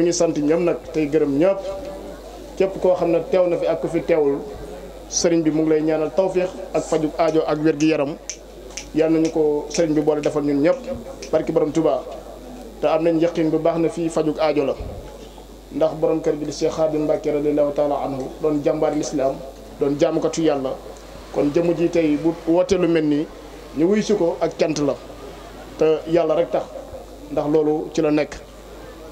mi ngi sant ñom nak tay gërëm ñop képp ko xamna tew na fi ak ku fi tewul sëriñ bi mu ngi lay ñaanal tawfiq ak faju aajo ak wér gi yaram yalla nañu ko sëriñ bi boole defal ñun ñëpp barki borom tuba te am nañ yaqeen bu baax na fi faju aajo la ndax borom kër bi di Cheikh Khadim Mbacké radiyallahu taala anhu don jambar l'islam don lislaam ko tu yalla kon jëmu ji tay bu wote lu melni ñu wuy si ko ak cant la te yalla rek tax ndax lolu ci la nekk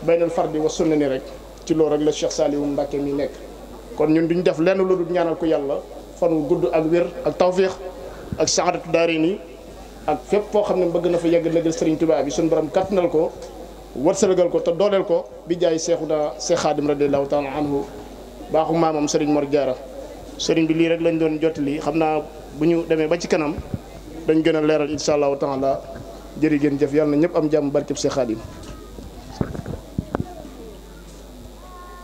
baynal fardi wa sunna ni rek ci loolu rek la Cheikh Saliou Mbacke mi nekk kon ñun duñ def lenn lu dul ñaanal ko yàlla fan wu gudd ak wér ak tawféex ak saadatu daari nii ak fépp foo xam ne bëgg na fa yegg légal sëriñ Tuubaa bi suñu borom kattanal ko wërsëgal ko te dooleel ko bi jaay seexu naa Seex Xaadim radiyallaahu taala anhu baaxu maamam sëriñ Mor Jaara sëriñ bi lii rek lañ doon lii xam naa bu ñu demee ba ci kanam dañ gën a leeral incha allahu taala jërë ngeen jëf yàlla na ñëpp am jàmm barkeb Seex Xaadim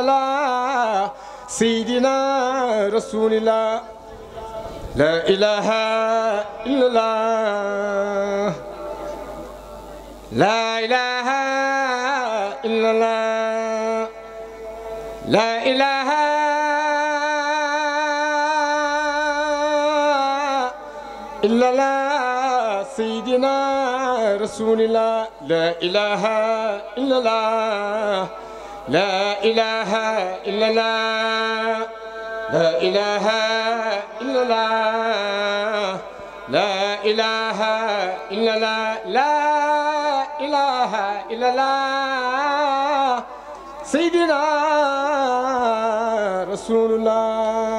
الله سيدنا رسول الله لا إله إلا الله لا إله إلا الله لا إله إلا الله سيدنا رسول الله لا إله إلا الله لا إله إلا الله لا إله إلا الله لا إله إلا الله لا إله إلا الله سيدنا رسول الله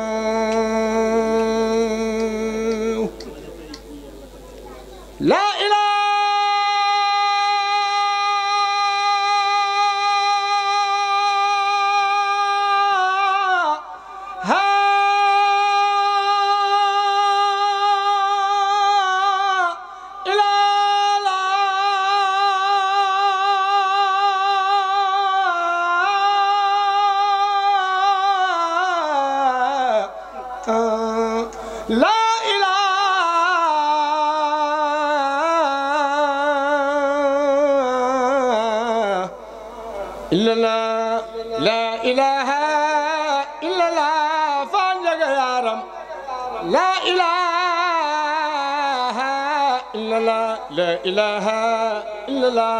إلا الله لا إله إلا الله فانجك يا رب لا إله إلا الله لا إله إلا الله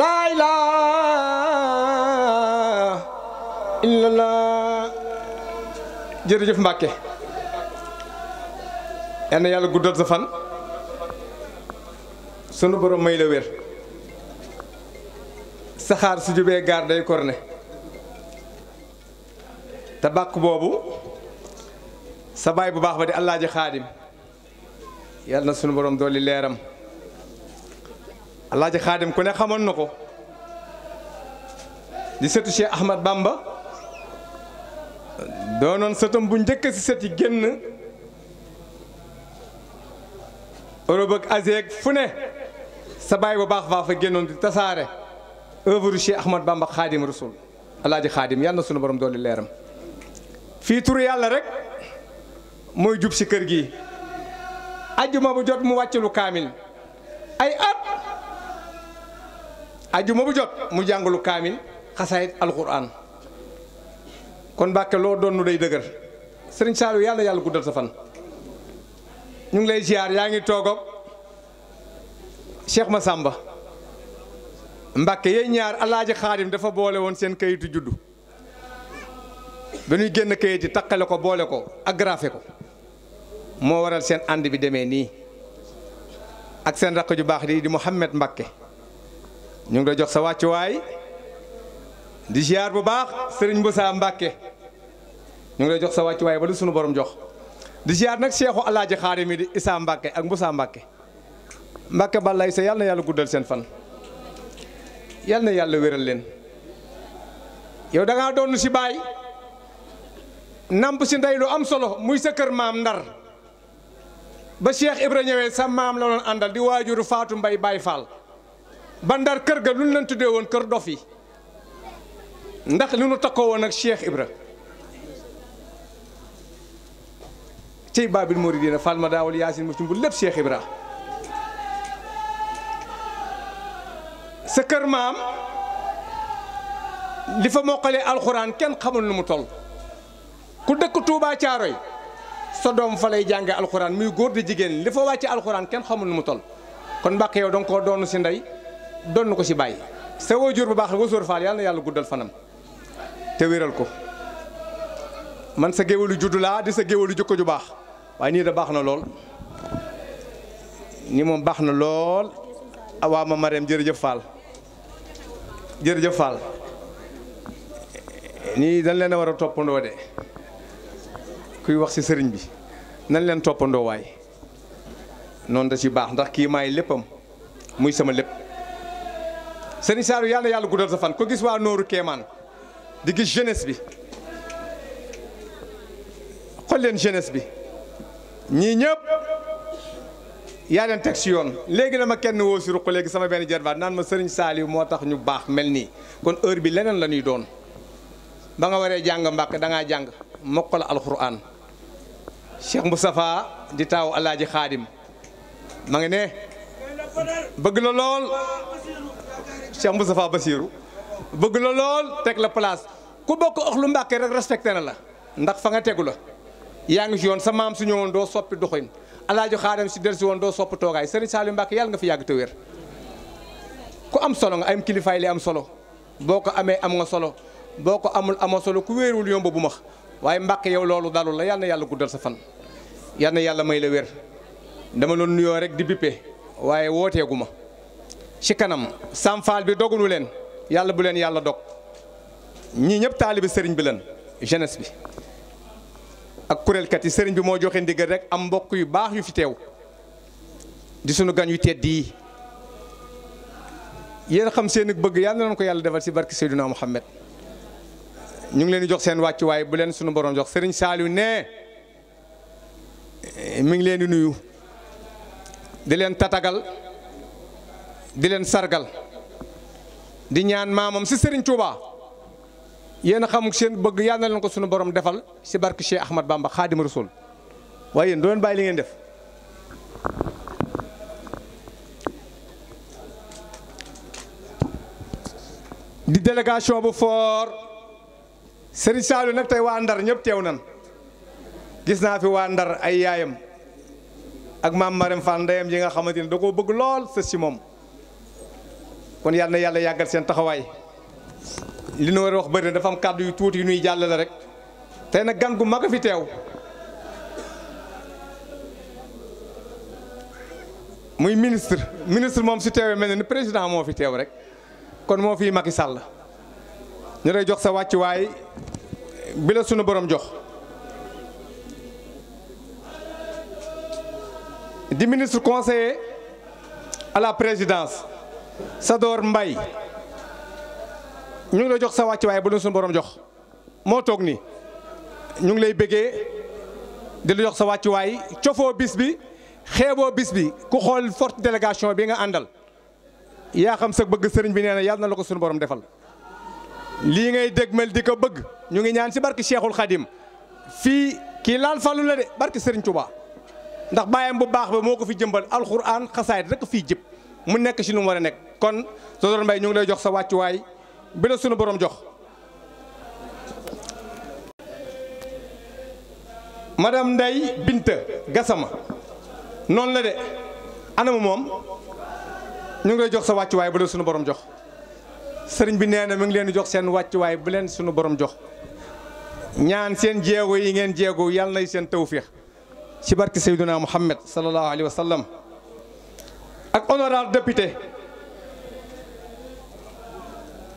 لا إله إلا الله jërëjëf Mbàkke yal na yàlla guddal sa fan sunu borom may la wér saxaar su jubee gaar day korne te bàkk boobu sa baay bu baax ba di allaaji xaadim yàlla suñu sunu borom dooli leeram allaaji xaadim ku ne xamoon na ko di sëtu Cheikh Ahmad Bamba doonoon sëtam bu njëkk si sët yi génn Europe ak fu ne sa baay bu baax baa fa génnoon di tasaare œuvre Cheikh Ahmad Bamba Xaadim Rasul alaaji Xaadim yàlla na sunu borom doole leeram fii turu yàlla rek mooy jub si kër gi ajjuma bu jot mu wàcc lu kaamil ay at ajjuma bu jot mu jàng lu kaamil xasaayit alquran kon Mbàkke loo doon nu day dëgër sëriñ Saliou yàlla yàlla guddal sa fan ñu ngi lay ziar yaa ngi toogam Cheikh sàmba Mbàkke yeey ñaar alaaji xaadim dafa boole woon seen kayitu juddu ba ñuy génn kayit yi taqale ko boole ko agrafé ko moo waral seen ànd bi demee nii ak seen rakk ju baax di di Mouhamed Mbàkke ñu ngi la jox sa wàccuwaay di ziar bu baax sëriñ Moussa Mbàkke ñu ngi lay jox sa wàccuwaay ba lu sunu borom jox di ziar nag seexu alaaji xaadim yi di Issa Mbàkke ak Moussa Mbàkke Mbàkke balay sa yàlla na yàlla guddal seen fan yal na yàlla wéral leen yow da ngaa doon si baay namp si ndey lu am solo muy sa kër maam ndar ba Cheikh Ibra ñëwee sa maam la doon àndal di waajuru Faatu Mbay Baay Faal ba ndar kër ga lu ñu leen tuddee woon kër dof yi ndax lu nu takkoo woon ak Cheikh Ibra cey Baabil Muridiina Faal ma daawal yaasin mu ci bu lépp Cheikh Ibra sa kër maam li fa moqalee alxuraan kenn xamul nu mu toll ku dëkk Touba Caaroy sa doom fa lay jànge alxuraan muy góor di jigéen li fa wàcce alxuraan kenn xamul nu mu toll kon Mbàkke yow danga koo doonu si ndey doonu ko si bàyyi sa waajur bu baax la wasóor yàlla yàlla guddal fanam te wéral ko man sa géwalu juddu di sa géwalu jikko ju baax waaye nii da baax na lool ni moom baax na lool awaama Mariam jërëjëf Fall jërëjëf Fall nii dañ leen a war a toppandoo de kuy wax ci sëriñ bi nañ leen toppandoo waay noonu da ci baax ndax kii maay léppam muy sama lépp sëriñ Saaru yàlla yàlla guddal sa fan ko gis waa nooru Kéemaan di gis jeunesse bi xool leen jeunesse bi ñii ñëpp yaa leen teg si yoon léegi la ma kenn woo si ruq léegi sama benn jarbaat naan ma sëriñ Saaliw moo tax ñu baax mel nii kon heure bi leneen la ñuy doon ba nga waree jàng mbàkk da ngaa jàng mokkal alxuraan Cheikh Moustapha di taaw Alaaji Xaadim ma ngi ne bëgg la lool Cheikh Moustapha Basiiru bëgg la lool teg la place ku bokk lu mbàkke rek respecté na la ndax fa nga tegu la yaa ngi si yoon sa maam su ñëwoon doo soppi doxin alaajo xaaram si si woon doo sopp toogaay sëriñ Saliou Mbacke yàlla nga fi yàgg wér ku am solo nga am kilifaay li am solo boo ko amee am nga solo boo ko amul amoo solo ku wéerul yomba bu max waaye Mbacke yow loolu dalul la yal na yàlla guddal sa fan yal yàlla may la wér dama doon nuyoo rek di bippe waaye wooteegu ma ci kanam sam bi dogunu leen yàlla bu leen yàlla dog ñii ñëpp taalibi sëriñ bi leen jeunesse bi ak kuréelkat yi sëriñ bi moo joxe ndigal rek am mbokk yu baax yu fi teew di sunu gan yu tedd yi yéen xam seen bëgg yàlla na ko yàlla defal si barki Seydina Muhammad ñu ngi leen di jox seen wàccuwaay bu leen suñu borom jox sëriñ Saliou nee mi ngi leen di nuyu di leen tatagal di leen sargal di ñaan maamam si sëriñ Touba. yéen a xam seen bëgg yal na leen ko sunu borom defal si barke Cheikh Ahmad Bamba xaadima rasul waaye yéen doo leen bàyyi li ngeen def. di délégation bu foor Serigne Saliou nag tey waa Ndar ñëpp teew nan gis naa fi waa Ndar ay yaayam ak maam Marème Fall ndeyam yi nga xamante ni da koo bëgg lool sës si moom kon yal yàlla yàggal seen taxawaay. li nu war wax na dafa am yu de yu nuy rek ministre ministre si président Je suis président fi rek kon le fi lay jox sa Bien bi la sunu borom jox di ministre à la présidence Sador Mbaye ñu ngi lay jox sa wàcc bu leen suñu borom jox moo toog nii ñu ngi lay bëggee di la jox sa wàccuwaay cofoo bis bi xeeboo bis bi ku xool forte délégation bi nga àndal yaa xam sa bëgg sëriñ bi nee na yàlla na la ko suñu boroom defal lii ngay dégmal di ko bëgg ñu ngi ñaan si barki seexul Khadim fii kii laal fàllu la de barki sëriñ Touba ndax bàyyam bu baax ba moo ko fi jëmbal alxuraan xasaayit rek fii jëpp mu nekk si lu mu war a nekk kon Sodor Mbaye ñu ngi lay jox sa wàccuwaay bi la sunu borom jox madame Ndeye Binta Gassama noonu la de anam moom ñu ngi jox sa wàccuwaay bu la sunu borom jox sëriñ bi nee na mi ngi leen di jox seen wàccuwaay bu leen sunu boroom jox ñaan seen jéego yi ngeen jéego yàlla nay seen tawféex ci barke Seydina Muhammad sallallahu alayhi wa ak honorable député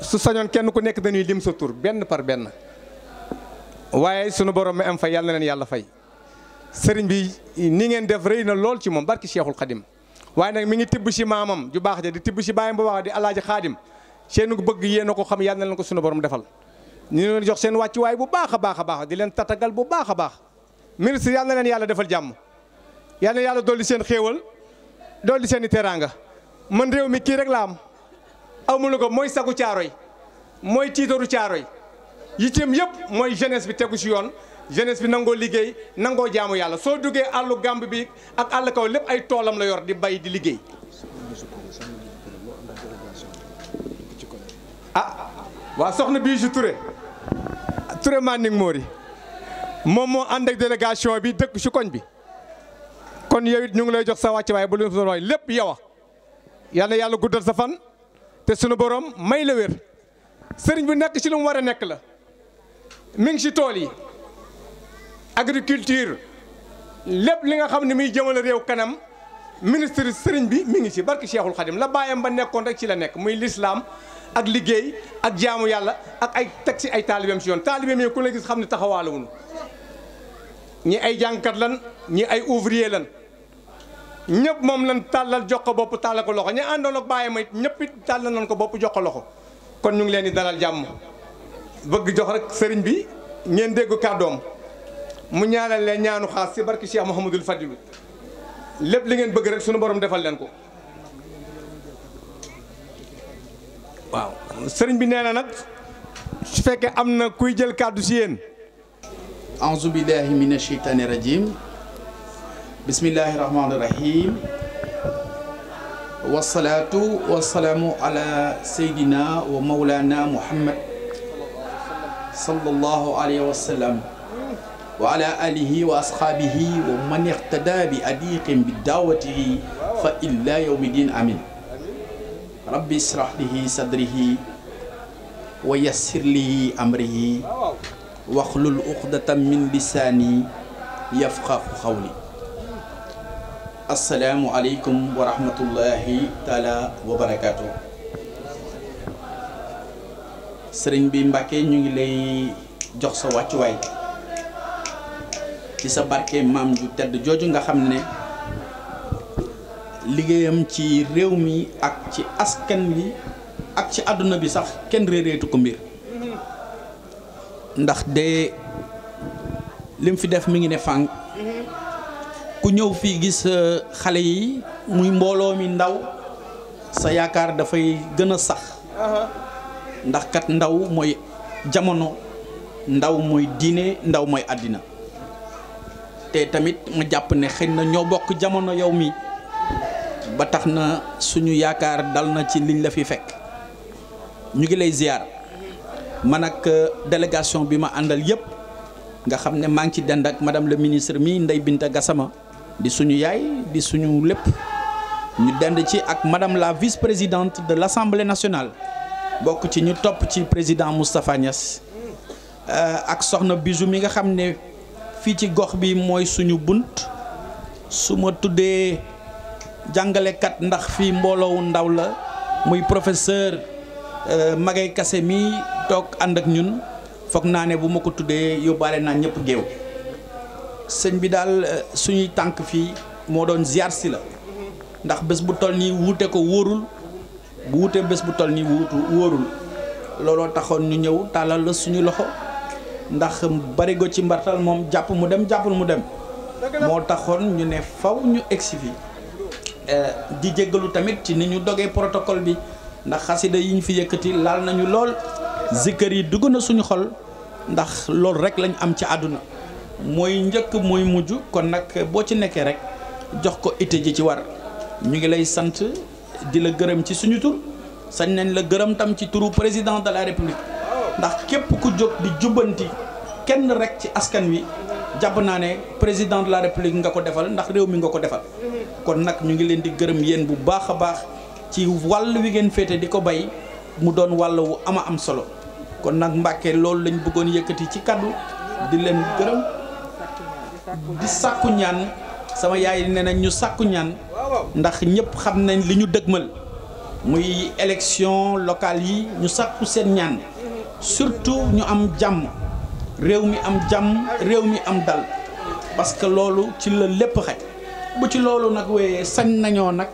su sañoon kenn ku nekk dañuy lim sa tur benn par benn waaye sunu borom mi am fay yàlla na leen yàlla fay sëriñ bi nii ngeen def rëy na lool ci moom barki seexul xadim waaye nag mi ngi tibb si maamam ju baax ja di tibb si baayam bu baax di alaaji Khadim seen bëgg yéen ko xam yàlla na leen ko sunu borom defal. ñu leen jox seen wàcc wàccuwaay bu baax a baax a baax di leen tatagal bu baax a baax ministre yàlla na leen yàlla defal jàmm yàlla na yàlla dolli seen xéewal dolli seen i teraanga man réew amul ko mooy sagu caaroy mooy tiitaru yi yitteem yëpp mooy jeunesse bi tegu ci yoon jeunesse bi nangoo liggéey nangoo jaamu yàlla soo duggee àllu gàmb bi ak àll kaw lépp ay toolam la yor di bay di liggéey. ah waa soxna bii si Touré Touré Maning Mori moom moo ànd ak délégation bi dëkk ci koñ bi kon yow it ngi lay jox sa wàcc waaye bu leen fa roy lépp yow a yàlla guddal sa fan. te sunu borom may la wér sëriñ bi nekk ci lu mu war a nekk la mi ngi ci tool yi agriculture lépp li nga xam ne muy jëmale réew kanam ministre sëriñ bi mi ngi ci barki Cheikhul Khadim la bàyyam ba nekkoon rek ci la nekk muy lislaam ak liggéey ak jaamu yàlla ak ay teg ci ay taalibeem ci yoon taalibeem yi ku la gis xam ne taxawaaluwunu ñi ay jàngkat lan ñi ay ouvrier lan ñëpp moom lan tàllal jox ko bopp tàllal ko loxo ñu àndoon ak bàyyi ma it ñëpp it tàllal nañ ko bopp jox ko loxo kon ñu ngi leen di dalal jàmm bëgg jox rek sëriñ bi ngeen dégg kàddoom mu ñaanal leen ñaanu xaas si barki Cheikh Mouhamadul Fadilu lépp li ngeen bëgg rek sunu borom defal leen ko waaw sëriñ bi nee na nag su fekkee am na kuy jël kàddu si yéen. aouzu billahi mina shaytaani rajim بسم الله الرحمن الرحيم والصلاة والسلام على سيدنا ومولانا محمد صلى الله عليه وسلم وعلى آله وأصحابه ومن اقتدى بأديق بدعوته فإلا يوم الدين آمين ربي اشرح لي صدره ويسر لي أمره واخلل عقدة من لساني يفقه قولي asalaamualeykum wa rahmatullahi taala wa barakaatu. sëriñ bi Mbàkke ñu ngi lay jox sa wàccuwaay ci sa barke maam ju tedd jooju nga xam ne liggéeyam ci réew mi ak ci askan wi ak ci àdduna bi sax kenn réeréetu ko mbir ndax de lim fi def mi ngi ne fànk ñew fi gis euh, xalé yi muy mbolo mi ndaw sa yaakaar da fay gëna sax uh-huh. ndax kat ndaw moy jamono ndaw moy diiné ndaw moy adina té tamit ma japp né xëy na ñoo jamono yow mi ba taxna suñu yaakaar dal na ci liñ la fi fekk ñu ngi lay ziar man ak euh, délégation bima andal yépp nga xamné ma ngi ci dend ak madame le ministre mi ndey Binta Gassama di suñu yaay di suñu lépp ñu dend ci ak madame la vice-présidente de l'Assemblée nationale bokk ci ñu topp ci président Moustapha Niass euh, ak soxna bisu mi nga xam ne fii ci gox bi mooy suñu bunt su ma tuddee jàngalekat ndax fii mbooloowu ndaw la muy professeur euh, Magaye kase mi toog ànd ak ñun foog naa ne bu ma ko tuddee yóbbaale naa ñëpp géew sëñ bi daal euh, suñuy tànk fii moo doon ziar si la ndax bés bu toll nii wuute ko wóorul bu wuutee bés bu toll nii wuutu wóorul looloo taxoon ñu ñëw tàllal la suñu loxo ndax barigo ci mbartal moom jàpp mu dem jàppul mu dem moo taxoon ñu ne faw ñu egsi fi euh, di jéggalu tamit ci ni ñu dogee protocole bi ndax xasida yi ñu fi yëkkati laal nañu lool zikkër yi dugg na suñu xol ndax loolu rek lañ am ci àdduna mooy njëkk mooy mujj kon nag boo ci nekkee rek jox ko ite ji ci war ñu ngi lay sant di la gërëm ci suñu tur sañ nañ la gërëm tam ci turu président de la république ndax képp ku jóg di jubbanti kenn rek ci askan wi jàpp naa ne président de la république nga ko defal ndax réew mi nga ko defal kon nag ñu ngi leen di gërëm yéen bu baax a baax ci wàll wi ngeen féete di ko bay mu doon wàll wu ama am solo kon nag Mbàkke loolu lañ bëggoon yëkkati ci kaddu di gërëm di sàkku ñaan sama yaay nee nañ ñu sàkku ñaan ndax ñëpp xam nañ li ñu dëgmal muy élection locale yi ñu sàkku seen ñaan surtout ñu am jàmm réew mi am jàmm réew mi am dal parce que loolu ci la lépp xaj bu ci loolu nag wéyee sañ nañoo nag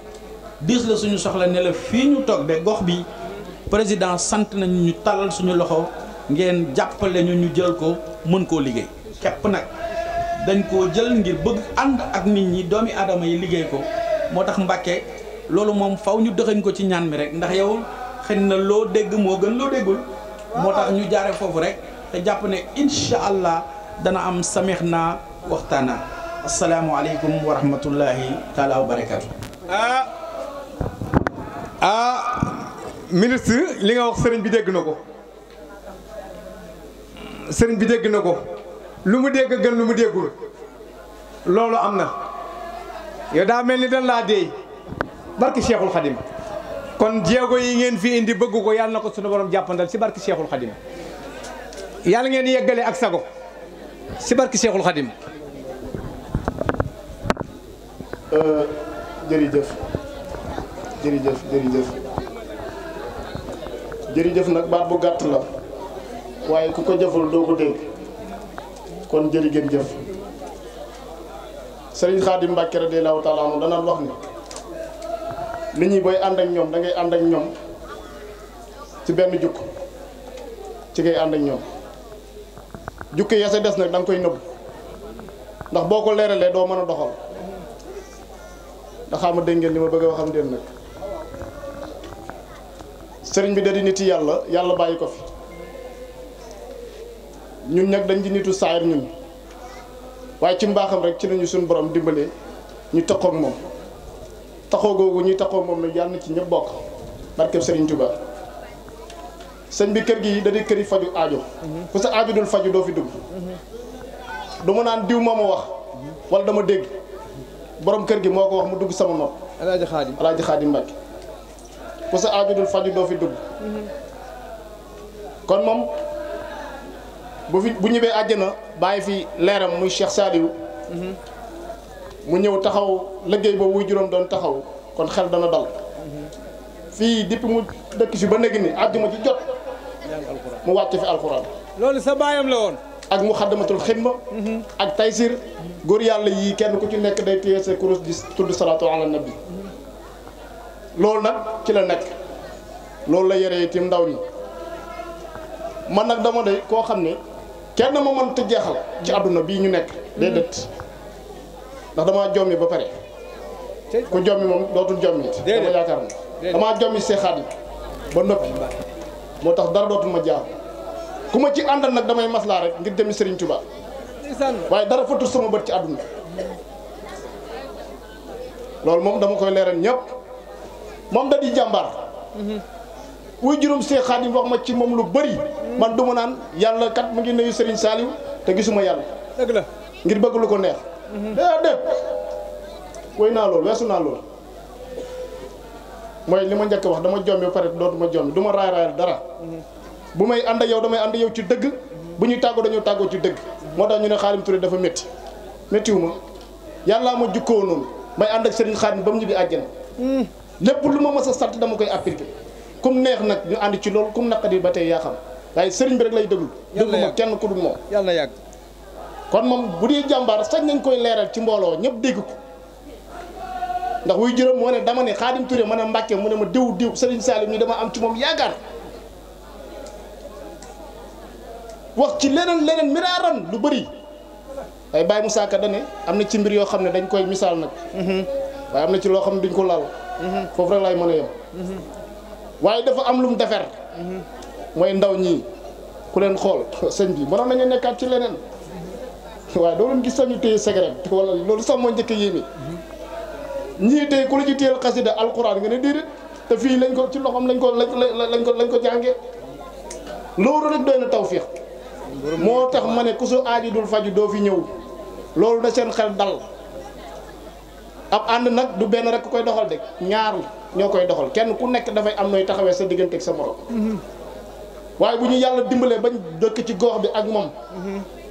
diis la suñu soxla ne la fii ñu toog de gox bi président sant nañ ñu suñu loxo ngeen jàppale ñu ñu jël ko mën koo liggéey képp nag dañ koo jël ngir bëgg ànd ak nit ñi doomi aadama yi liggéey ko moo tax Mbàkke loolu moom faw ñu dëxañ ko ci ñaan mi rek ndax yow xëy na loo dégg moo gën loo déggul moo tax ñu jaare foofu rek te jàpp ne incha allah dana am sameex naa waxtaana asalaamualeykum wa rahmatullahi taala wa barakaatu ah ah ministre li nga wax sëriñ bi dégg na ko sëriñ bi dégg na ko lu mu dégg gën lu mu déggul loolu am na yow daa mel ni dan laa déey barki Cheikhul Khadim kon jéego yi ngeen fi indi bëgg ko yàlla na ko sunu borom jàppandal si barki Cheikhul Khadim yàlla ngeen yeggale ak sago si barki Cheikhul Khadim euh, jërëjëf jëf jërëjëf jërëjëf nag baat bu gàtt la waaye ku ko jëful doo ko dégg kon jeri gen jeuf Serigne Khadim Mbacke allah taala mo dana wax ni nit ñi boy and ak ñom da ngay and ak ñom ci benn juk ci ngay and ak ñom jukki ya sa des nag da koy neub ndax boko leralé do mëna doxal da xam deengel ngeen ma bëgg a waxam den nak serigne bi dadi nit yi yalla yàlla bàyyi fi ñun nag dañ di nitu saayir ñun waaye ci mbaaxam rek ci lañu suñu borom dimbalee ñu taxoo ak moom taxoo googu ñu taxoo moom la yàlla na ci ñëpp bokk barkeb Serigne Touba sëñ bi kër gi da di kër yi faju aajo ku sa ajo dul faju doo fi dugg du ma naan diw moo ma wax wala dama dégg borom kër gi moo ko wax mu dugg sama nopp alaaji xaadim alaaji xaadim Mbàkke ku sa aajo dul faju doo fi dugg mhm. kon moom bu fi bu ñëwee àjjana bàyyi fi leeram muy Cheikh Saliou mhm. mu ñëw taxaw liggéey boobu wuy juróom doon taxaw kon xel dana dal mhm. fii depuis mu dëkk si ba léegi ni àjjuma ci jot mu wàcc fi alxuraan loolu sa baayam la woon ak mu xaddamatul xidma mhm. ak taysir góor yàlla yii kenn ku ci nekk day téye sa kurus di tudd salaatu ala nabi loolu nag ci la nekk loolu la yore itam ndaw ñi man nag dama de koo xam ne kenn ma te jeexal ci àdduna bii ñu nekk déedéet ndax damaa jommi ba pare ku jommi moom dootul jommi dama yaakaar na damaa jommi seexaat yi ba noppi moo tax dara dootul ma jaaxal ku ma ci àndal nag damay maslaa rek ngir jëmi Serigne Touba waaye dara fëttul sama bët ci àdduna loolu moom dama koy leeral ñépp moom da di jàmbaar mhm. wuy juróom seexaat yi wax ma ci moom lu bari man du ma naan yàlla kat mu ngi nuyu Serigne Saliou te gisuma yàlla. dëgg la ngir bëgg lu ko neex. Mhm. déedéet. woy naa lool weesu naa lool mooy li ma njëkk wax dama jombi ba pare dootuma jombi du ma raay dara. Mhm. bu may ànd ak yow damay ànd yow ci dëgg. Mhm. bu ñuy tàggoo dañoo tàggoo ci dëgg. moo tax ñu ne Xaadim Touré dafa metti méttiwu ma yàllaa ma jukkoo noonu may ànd ak Serigne Xaadim ba mu ñibbi àjjana. lépp lu ma mës a sant dama koy appliquer. comme neex nag ñu ànd ci loolu kum naqadi ba tey yaa waaye sëriñ bi rek lay déglu. déglu ma kenn ku dul moom. yàlla na kon moom bu dee jàmbaar sañ nañ koy leeral ci mbooloo ñëpp dégg ko ndax wuy juróom moo ne dama ne Xaadim Touré ma ne Mbàkke mu ne ma diw diw sëriñ Salim ñu dama am ci moom yaakaar wax ci leneen leneen miraaran lu bari waaye Baye Moussa Ka dane am na ci mbir yoo xam ne dañ koy misaal nag. Mhm. waaye am na ci loo xam ne duñ ko laal. Mhm. foofu rek lay mën a yem. Mhm. waaye dafa am lu mu mooy ndaw ñi ku leen xool sëñ bi mënoon nañu nekkaat ci leneen waaye doo leen gis sax ñu téye cigarette wala loolu sax moo njëkk yéeme ñii tey ku la ci téyel xasida alquran nga ne déedéet te fii lañ ko ci loxoom lañ ko lañ ko lañ ko jàngee loolu rek doy na tawfiix moo tax ma ne ku su aaji dul faju doo fi ñëw loolu na seen xel dal ab ànd nag du benn rek koy doxal de ñaar ñoo koy doxal kenn ku nekk dafay am nooy taxawee sa digganteeg sa morom waaye bu ñu yàlla dimbalee bañ dëkk ci gox bi ak moom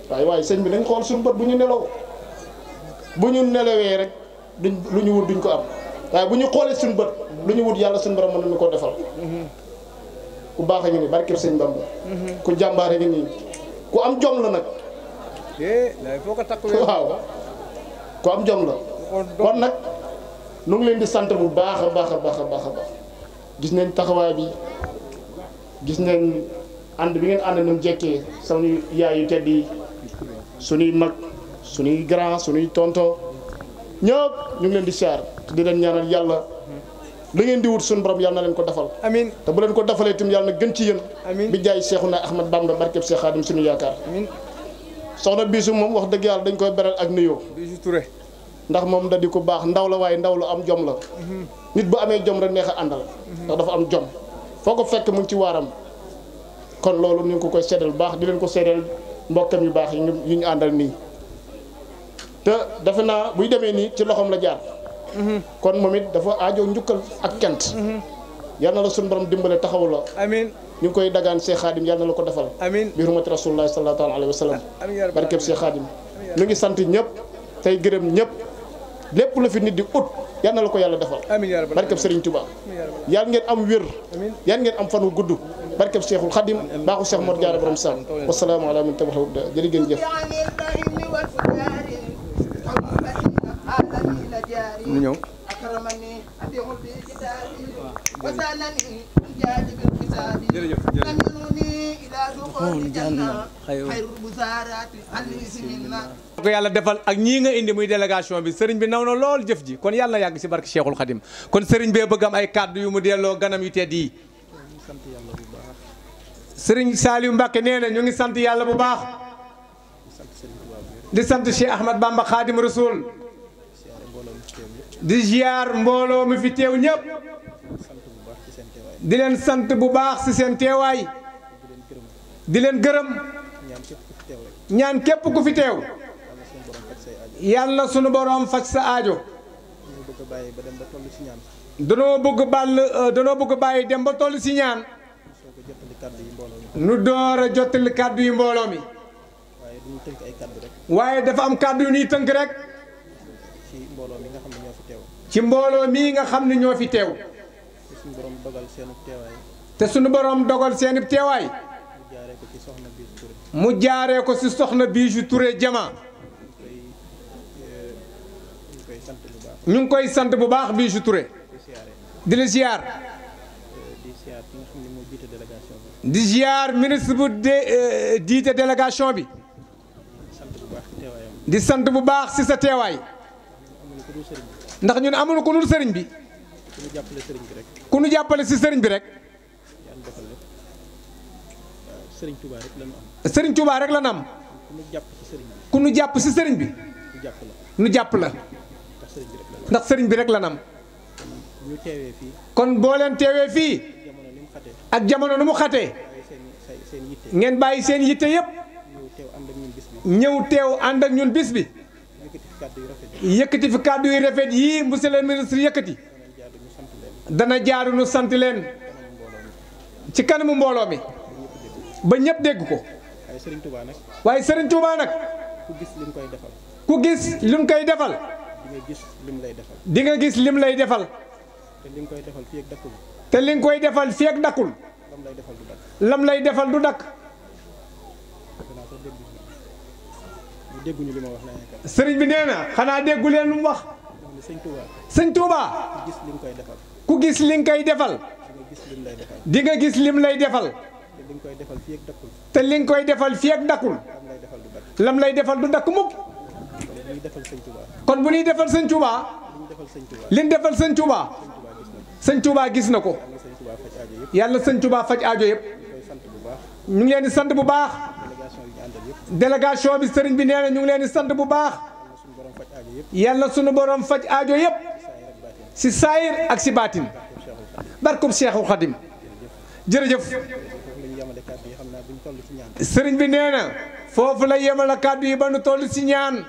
waaye waaye sëñ bi dañ xool suñu bët bu ñu nelaw bu ñu nelawee rek duñ lu ñu wut duñ ko am waaye bu ñu xoolee suñu bët lu ñu wut yàlla suñu borom mën nañu ko defal bu baax a ngi nii barkeb sëñ Bamba ku jàmbaare a ngi nii ku am jom la nag waaw ku am jom la kon nag nu ngi leen di sant bu baax a baax a baax a baax a baax gis nañ taxawaay bi gis nañ ànd bi ngeen ànd ni mu jekkee suñuy yaay yu tedd yi suñuy mag suñuy grand suñuy tonto ñëpp ñu ngi leen di siyaar di leen ñaanal yàlla li ngeen di wut suñu borom yàlla na leen ko defal amiin te bu leen ko defalee itam yàlla na gën ci yéen amiin bi jaay Seexuna Ahmad Bamba barkeb Seex Xaadim suñu yaakaar amiin soxna biisu moom wax dëgg yàlla dañ koy beral ak nuyoo biisu ndax moom da di ko baax ndaw la waaye ndaw lu am jom la mhm. nit bu amee jom rek neex a àndal mhm. ndax dafa am jom foo ko fekk mu ci waaram kon lolu ñu ko ko koy bax di leen ko seddal mbokam yu bax yi ñu andal ni te dafa na buy démé ni ci loxom la jaar mhm. kon momit dafa aajo ñukkal ak kent mhm. yalla la sun borom dimbalé taxawu la amin ñu koy dagan Cheikh Khadim yalla la ko defal amin bi hurmati rasulullah sallallahu alaihi wasallam. Ya barke Cheikh Khadim ya ñu ngi sant ñep tay gërem ñep lépp lu fi nit di ut yal na la ko yàlla defal barkeb Serigne Touba yal ngeen am wér yal ngeen am fan wu gudd barkeb Cheikhul Khadim baaxu Cheikh Modou Diarra borom Sam wasalaamu ala man tabaxawu da jërë ngeen jëf ñëw ko yàlla defal ak ñii nga indi muy délégation bi sëriñ bi naw na lool jëf ji kon yàlla yàgg si barke Cheikhul Khadim kon sëriñ bee bëgg am ay kàddu yu mu delloo ganam yu tedd yi sëriñ yu Mbacke nee na ñu ngi sant yàlla bu baax di sant Cheikh Ahmad Bamba Khadim Rasoul di ziar mbooloo mi fi teew ñëpp di leen sant bu baax si seen teewaay di leen gërëm ñaan képp ku fi teew yàlla sunu boroom faj sa ajo danoo bëgg ba dem ba toll si euh, ñaan. danoo bëgg bàll danoo bëgg bàyyi dem ba toll si ñaan. nu door a jottali kàddu yi mbooloo mi. waaye dañuy tënk ay kàddu rek. waaye dafa am kàddu yu ñuy tënk rek. ci mbooloo mi nga xam ne ñoo fi ci mbooloo mii nga xam ne ñoo fi teew. te suñu borom dogal seen teewaay. te suñu borom dogal seen teewaay. mu jaaree ko ci soxna Bijou Touré. mu ko si soxna Bijou Touré Jama. ñu ngi koy sant bu baax bii su Touré di la ziar di ziar ministre bu de euh, jiite délégation bi di sant bu baax ci sa teewaay ndax ñu ne ñun amuñu ku dul sëriñ bi ku nu jàppale ci sëriñ bi rek sëriñ Touba rek la ñu am sëriñ Touba rek la ñu am ku ñu jàpp ci sëriñ bi nu jàpp la. ndax sëriñ bi rek lan am kon boo leen teewee fii ak jamono nu mu xatee ngeen bàyyi seen yitte yépp ñëw teew ànd ak ñun bis bi yëkkati fi kàddu yu rafet yii monsieur le ministre yëkkati dana jaaru nu sant leen ci kanamu mbooloo mi ba ñëpp dégg ko waaye sëriñ Touba nag ku gis lu ñu koy defal ku gis lu koy defal nga gis lim lay defal. di nga gis lim lay defal. te li nga koy defal fii ak dakkul. te li koy defal fii ak dakkul. lay defal du dakk. lam lay defal du dakk. dégguñu li ma wax la sëriñ bi nee na xanaa déggu leen lu wax. sëñ Touba. sëñ Touba. gis li koy defal. ku gis li koy defal. di nga gis lim lay defal. te li koy defal fii ak te li koy defal fii ak dakkul. lam lay defal du dakk mukk kon bu ñuy defal sëñ Touba. liñ defal sëñ Touba. sëñ Touba gis na ko. yàlla sëñ Touba faj aajo yëpp. ñu ngi di sant bu baax. délégation bi sëriñ bi nee na ñu ngi leen di sant bu baax. yàlla sunu borom faj aajo yëpp. si saayir ak si baatin. barkum Cheikhul Khadim. jërëjëf. sëriñ bi nee na. foofu la yemal kàddu yi ba nu toll si ñaan.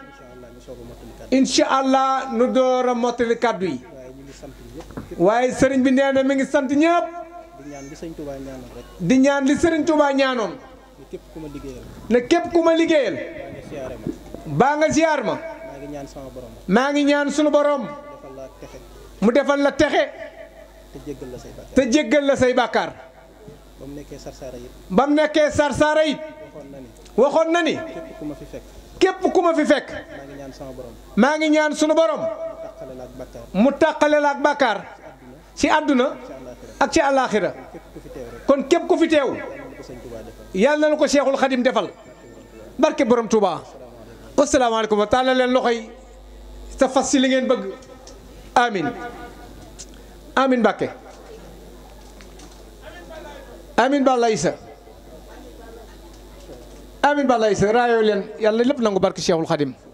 incha allah nu door a mottali kàddu yi waaye sëriñ bi nee na mi ngi sant ñëpp di ñaan li sëriñ Touba ñaanoon di ñaan li sëriñ Touba ne képp ku ma liggéeyal ne képp ku ma liggéeyal baa nga ziar ma maa ngi ñaan sama borom maa sunu borom mu defal la texe te jéggal la say bàkkaar te jéggal la say bàkkaar ba mu nekkee sarsaara it ba mu nekkee sarsaara it waxoon na ni ku ma fi képp ku ma fi fekk maa ngi ñaan sunu borom mu tàqale la ci àdduna ak ci àllaaxira kon képp ku fi teew yàlla na ko seexul xadim defal barke borom Touba. asalaamaaleykum wa taala leen loxo yi te fas si li ngeen bëgg amin amin Mbàkke amin Balla Issa amin balay sa raayoo leen yàlla lépp nangu barke Cheikhul Khadim